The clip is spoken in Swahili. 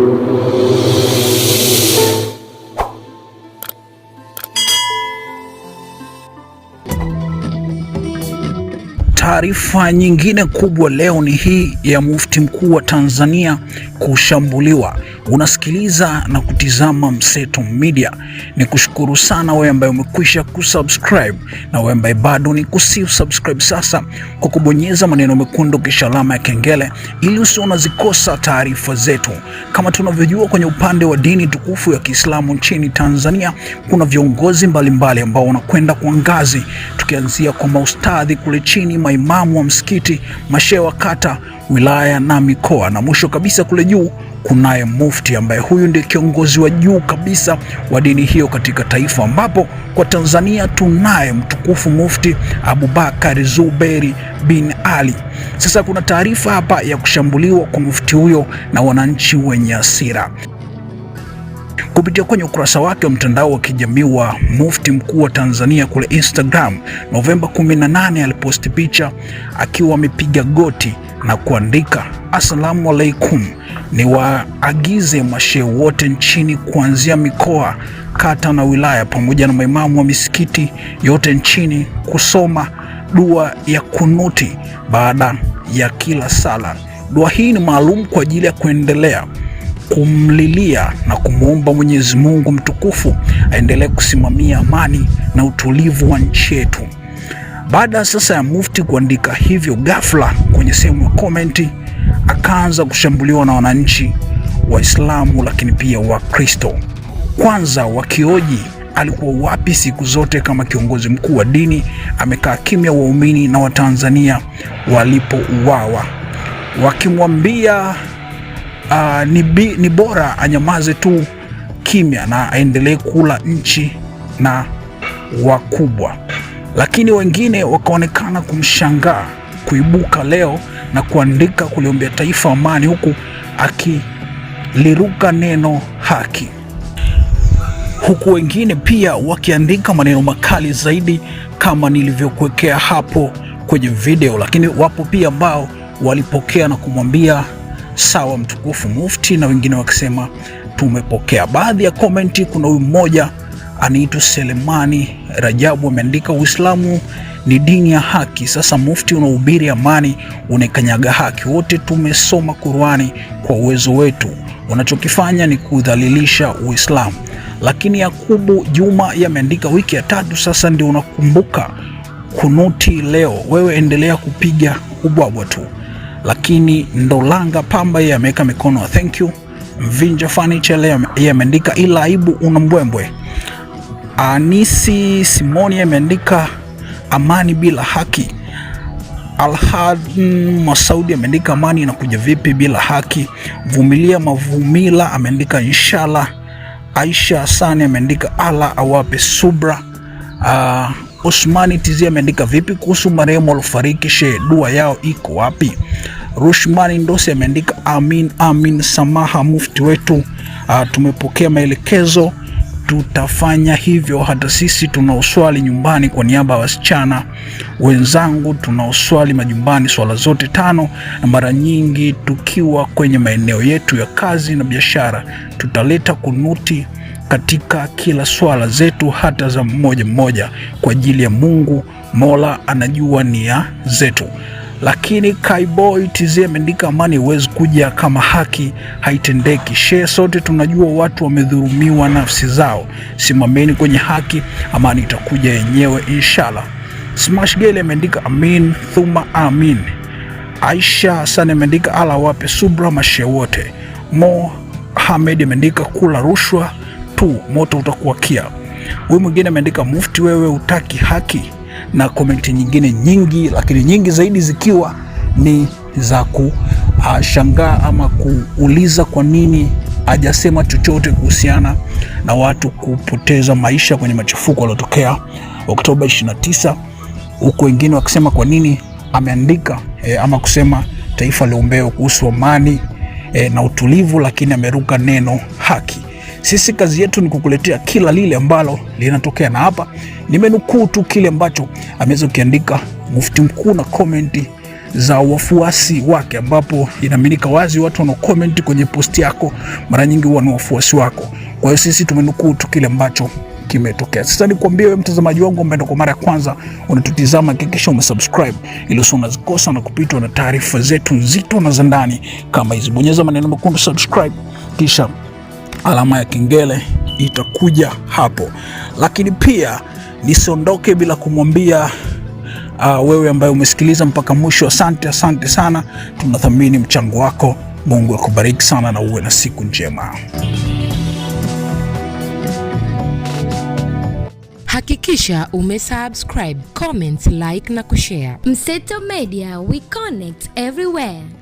Thank you. Taarifa nyingine kubwa leo ni hii ya mufti mkuu wa Tanzania kushambuliwa. Unasikiliza na kutizama Mseto Media. Ni kushukuru sana wewe ambaye umekwisha kusubscribe na wewe ambaye bado ni kusi subscribe sasa, kwa kubonyeza maneno mekundu kisha alama ya kengele, ili usio unazikosa taarifa zetu. Kama tunavyojua, kwenye upande wa dini tukufu ya Kiislamu nchini Tanzania kuna viongozi mbalimbali ambao wanakwenda kwa ngazi, tukianzia kwa maustadhi kule chini maimamu wa msikiti, mashehe wa kata, wilaya na mikoa, na mwisho kabisa kule juu kunaye mufti ambaye huyu ndiye kiongozi wa juu kabisa wa dini hiyo katika taifa, ambapo kwa Tanzania tunaye mtukufu Mufti Abubakar Zuberi bin Ali. Sasa kuna taarifa hapa ya kushambuliwa kwa mufti huyo na wananchi wenye hasira kupitia kwenye ukurasa wake wa mtandao wa kijamii wa Mufti Mkuu wa Tanzania kule Instagram, Novemba 18 aliposti picha akiwa amepiga goti na kuandika Assalamu alaikum, ni waagize mashehe wote nchini kuanzia mikoa, kata na wilaya, pamoja na maimamu wa misikiti yote nchini kusoma dua ya kunuti baada ya kila sala. Dua hii ni maalum kwa ajili ya kuendelea kumlilia na kumwomba Mwenyezi Mungu mtukufu aendelee kusimamia amani na utulivu wa nchi yetu. Baada sasa ya mufti kuandika hivyo, ghafla kwenye sehemu ya komenti akaanza kushambuliwa na wananchi Waislamu lakini pia Wakristo. Kwanza wakioji alikuwa wapi siku zote kama kiongozi mkuu wa dini? Amekaa kimya waumini na Watanzania walipouawa, wakimwambia uh, ni, bi, ni bora anyamaze tu kimya na aendelee kula nchi na wakubwa, lakini wengine wakaonekana kumshangaa kuibuka leo na kuandika kuliombea taifa amani, huku akiliruka neno haki, huku wengine pia wakiandika maneno makali zaidi kama nilivyokuwekea hapo kwenye video. Lakini wapo pia ambao walipokea na kumwambia sawa mtukufu mufti, na wengine wakisema tumepokea. Baadhi ya komenti, kuna huyu mmoja anaitwa Selemani Rajabu ameandika, Uislamu ni dini ya haki. Sasa mufti, unahubiri amani, unakanyaga haki. Wote tumesoma Qur'ani kwa uwezo wetu, unachokifanya ni kudhalilisha Uislamu. Lakini Yakubu Juma yameandika, wiki ya tatu sasa ndio unakumbuka kunuti leo, wewe endelea kupiga ubwabwa tu lakini Ndolanga Pamba yeye ameweka mikono wa thank you. Mvinja Furniture yeye ameandika ila aibu una mbwembwe. Anisi Simoni ameandika amani bila haki. Alhad Masaudi ameandika amani inakuja vipi bila haki. Vumilia Mavumila ameandika inshallah. Aisha Hasani ameandika ala awape subra. Uh, Osmani Tizi ameandika vipi kuhusu marehemu aliofariki, she dua yao iko wapi? Rushmani Ndosi ameandika amin, amin. Samaha mufti wetu, Uh, tumepokea maelekezo, tutafanya hivyo. Hata sisi tunaoswali nyumbani, kwa niaba ya wasichana wenzangu tunaoswali majumbani swala zote tano, na mara nyingi tukiwa kwenye maeneo yetu ya kazi na biashara, tutaleta kunuti katika kila swala zetu, hata za mmoja mmoja, kwa ajili ya Mungu. Mola anajua nia zetu lakini Kaiboi TZ ameandika amani huwezi kuja kama haki haitendeki. Shee, sote tunajua watu wamedhulumiwa nafsi zao, simameni kwenye haki, amani itakuja yenyewe inshallah. Smash Gale ameandika amin thuma amin. Aisha Hassan ameandika ala wape subra mashe wote. Mo Hamed ameandika kula rushwa tu moto utakuwakia. Huyu mwingine ameandika mufti, wewe utaki haki na komenti nyingine nyingi, lakini nyingi zaidi zikiwa ni za kushangaa ama kuuliza kwa nini hajasema chochote kuhusiana na watu kupoteza maisha kwenye machafuko yaliyotokea Oktoba 29, huku wengine wakisema kwa nini ameandika e, ama kusema taifa liombewe kuhusu amani e, na utulivu, lakini ameruka neno haki. Sisi kazi yetu ni kukuletea kila lile ambalo linatokea, na hapa nimenukuu tu kile ambacho ameweza kukiandika mufti mkuu na komenti za wafuasi wake, ambapo inaaminika wazi watu wana comment kwenye posti yako mara nyingi huwa ni wafuasi wako. Kwa hiyo sisi tumenukuu tu kile ambacho kimetokea. Sasa nikwambie wewe mtazamaji wangu ambaye kwa mara ya kwanza unatutizama, hakikisha umesubscribe ili usije unazikosa na kupitwa na taarifa zetu nzito na za ndani kama hizi. Bonyeza maneno mekundu subscribe kisha alama ya kengele itakuja hapo, lakini pia nisiondoke bila kumwambia uh, wewe ambaye umesikiliza mpaka mwisho, asante, asante sana, tunathamini mchango wako. Mungu akubariki sana na uwe na siku njema. Hakikisha umesubscribe, comment, like na kushare. Mseto Media, we connect everywhere.